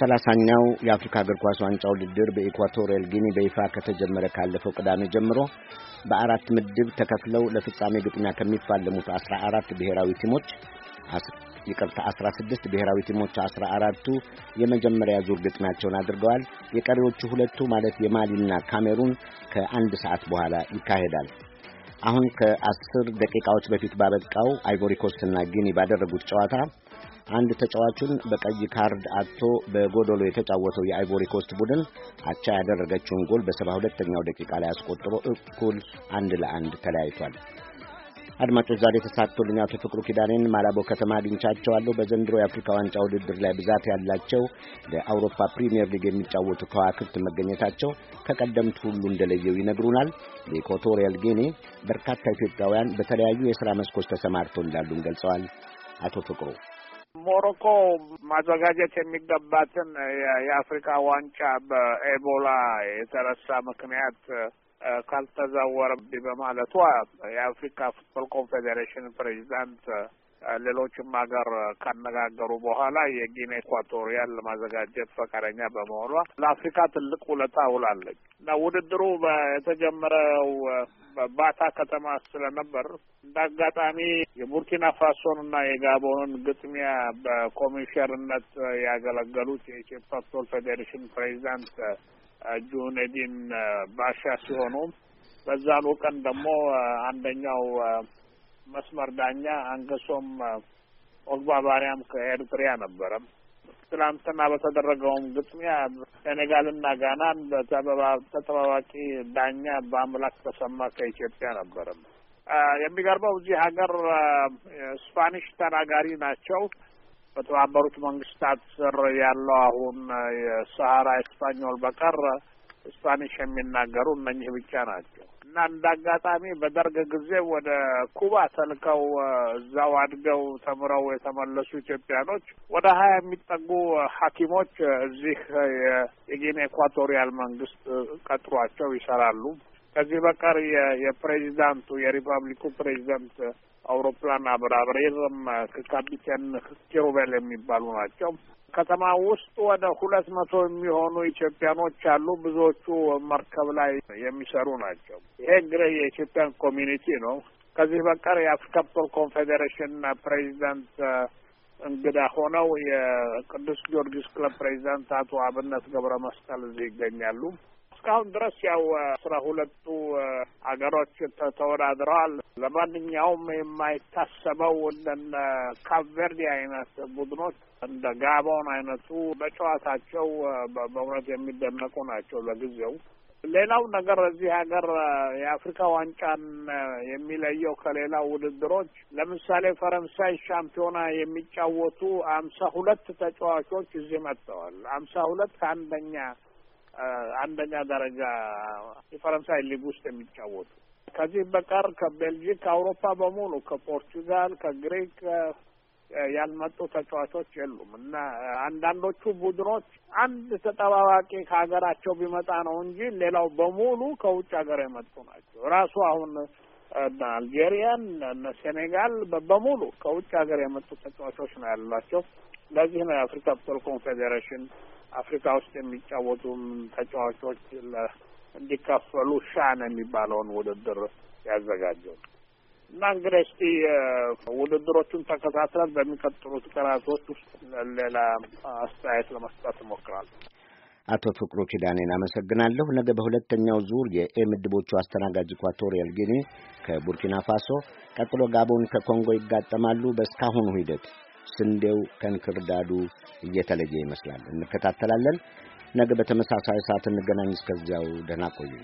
ሰላሳኛው የአፍሪካ እግር ኳስ ዋንጫ ውድድር በኢኳቶሪያል ጊኒ በይፋ ከተጀመረ ካለፈው ቅዳሜ ጀምሮ በአራት ምድብ ተከፍለው ለፍጻሜ ግጥሚያ ከሚፋለሙት አስራ አራት ብሔራዊ ቲሞች ይቅርታ 16 ብሔራዊ ቲሞች 14ቱ የመጀመሪያ ዙር ግጥሚያቸውን አድርገዋል። የቀሪዎቹ ሁለቱ ማለት የማሊና ካሜሩን ከአንድ ሰዓት በኋላ ይካሄዳል። አሁን ከአስር ደቂቃዎች በፊት ባበቃው አይቮሪኮስትና ጊኒ ባደረጉት ጨዋታ አንድ ተጫዋቹን በቀይ ካርድ አጥቶ በጎዶሎ የተጫወተው የአይቮሪኮስት ቡድን አቻ ያደረገችውን ጎል በሰባ ሁለተኛው ደቂቃ ላይ አስቆጥሮ እኩል አንድ ለአንድ ተለያይቷል። አድማጮች ዛሬ ተሳትቶልኝ አቶ ፍቅሩ ኪዳኔን ማላቦ ከተማ አግኝቻቸዋለሁ። በዘንድሮ የአፍሪካ ዋንጫ ውድድር ላይ ብዛት ያላቸው ለአውሮፓ ፕሪምየር ሊግ የሚጫወቱ ከዋክብት መገኘታቸው ከቀደምት ሁሉ እንደለየው ይነግሩናል። የኢኳቶሪያል ጊኔ በርካታ ኢትዮጵያውያን በተለያዩ የሥራ መስኮች ተሰማርተው እንዳሉም ገልጸዋል። አቶ ፍቅሩ ሞሮኮ ማዘጋጀት የሚገባትን የአፍሪካ ዋንጫ በኤቦላ የተረሳ ምክንያት ካልተዛወረ በማለቷ የአፍሪካ ፉትቦል ኮንፌዴሬሽን ፕሬዚዳንት ሌሎችም ሀገር ካነጋገሩ በኋላ የጊኔ ኢኳቶሪያል ለማዘጋጀት ፈቃደኛ በመሆኗ ለአፍሪካ ትልቅ ውለታ ውላለች እና ውድድሩ የተጀመረው ባታ ከተማ ስለነበር እንደ አጋጣሚ የቡርኪና ፋሶን እና የጋቦንን ግጥሚያ በኮሚሽነርነት ያገለገሉት የኢትዮጵያ ፉትቦል ፌዴሬሽን ፕሬዚዳንት ጁነዲን ባሻ ሲሆኑ በዛኑ ቀን ደግሞ አንደኛው መስመር ዳኛ አንገሶም ኦግባ ባሪያም ከኤርትሪያ ነበረ። ትላንትና በተደረገውም ግጥሚያ ሴኔጋልና ጋናን በተጠባባቂ ዳኛ በአምላክ ተሰማ ከኢትዮጵያ ነበረ። የሚገርመው እዚህ ሀገር ስፓኒሽ ተናጋሪ ናቸው። በተባበሩት መንግስታት ስር ያለው አሁን የሰሀራ ስፓኞል በቀር ስፓኒሽ የሚናገሩ እነኚህ ብቻ ናቸው እና እንደ አጋጣሚ በደርግ ጊዜ ወደ ኩባ ተልከው እዛው አድገው ተምረው የተመለሱ ኢትዮጵያኖች ወደ ሀያ የሚጠጉ ሐኪሞች እዚህ የጊኒ ኤኳቶሪያል መንግስት ቀጥሯቸው ይሰራሉ። ከዚህ በቀር የፕሬዚዳንቱ የሪፐብሊኩ ፕሬዚዳንት አውሮፕላን አብራብሬር ከካፒቴን ኪሩቤል የሚባሉ ናቸው። ከተማ ውስጥ ወደ ሁለት መቶ የሚሆኑ ኢትዮጵያኖች አሉ። ብዙዎቹ መርከብ ላይ የሚሰሩ ናቸው። ይሄ እንግዲህ የኢትዮጵያን ኮሚኒቲ ነው። ከዚህ በቀር የአፍሪካ ኮንፌዴሬሽን ፕሬዚዳንት እንግዳ ሆነው የቅዱስ ጊዮርጊስ ክለብ ፕሬዚዳንት አቶ አብነት ገብረ መስቀል እዚህ ይገኛሉ። እስካሁን ድረስ ያው አስራ ሁለቱ አገሮች ተወዳድረዋል። ለማንኛውም የማይታሰበው እንደነ ካፕቨርዲ አይነት ቡድኖች እንደ ጋቦን አይነቱ በጨዋታቸው በእውነት የሚደነቁ ናቸው ለጊዜው። ሌላው ነገር እዚህ ሀገር የአፍሪካ ዋንጫን የሚለየው ከሌላ ውድድሮች ለምሳሌ ፈረንሳይ ሻምፒዮና የሚጫወቱ አምሳ ሁለት ተጫዋቾች እዚህ መጥተዋል። አምሳ ሁለት ከአንደኛ አንደኛ ደረጃ የፈረንሳይ ሊግ ውስጥ የሚጫወቱ ከዚህ በቀር ከቤልጂክ ከአውሮፓ በሙሉ ከፖርቹጋል፣ ከግሪክ ያልመጡ ተጫዋቾች የሉም እና አንዳንዶቹ ቡድኖች አንድ ተጠባባቂ ከሀገራቸው ቢመጣ ነው እንጂ ሌላው በሙሉ ከውጭ ሀገር የመጡ ናቸው። ራሱ አሁን እነ አልጄሪያን እነ ሴኔጋል በሙሉ ከውጭ ሀገር የመጡ ተጫዋቾች ነው ያሏቸው። ለዚህ ነው የአፍሪካ ፉትቦል ኮንፌዴሬሽን አፍሪካ ውስጥ የሚጫወቱ ተጫዋቾች እንዲካፈሉ ሻን የሚባለውን ውድድር ያዘጋጀው እና እንግዲህ እስቲ ውድድሮቹን ተከታትለን በሚቀጥሉት ቀናቶች ውስጥ ሌላ አስተያየት ለመስጠት እሞክራለሁ። አቶ ፍቅሩ ኪዳኔን አመሰግናለሁ። ነገ በሁለተኛው ዙር የኤ ምድቦቹ አስተናጋጅ ኢኳቶሪያል ጊኒ ከቡርኪና ፋሶ፣ ቀጥሎ ጋቦን ከኮንጎ ይጋጠማሉ። በእስካሁኑ ሂደት ስንዴው ከንክርዳዱ እየተለየ ይመስላል። እንከታተላለን። ነገ በተመሳሳይ ሰዓት እንገናኝ። እስከዚያው ደህና ቆዩ።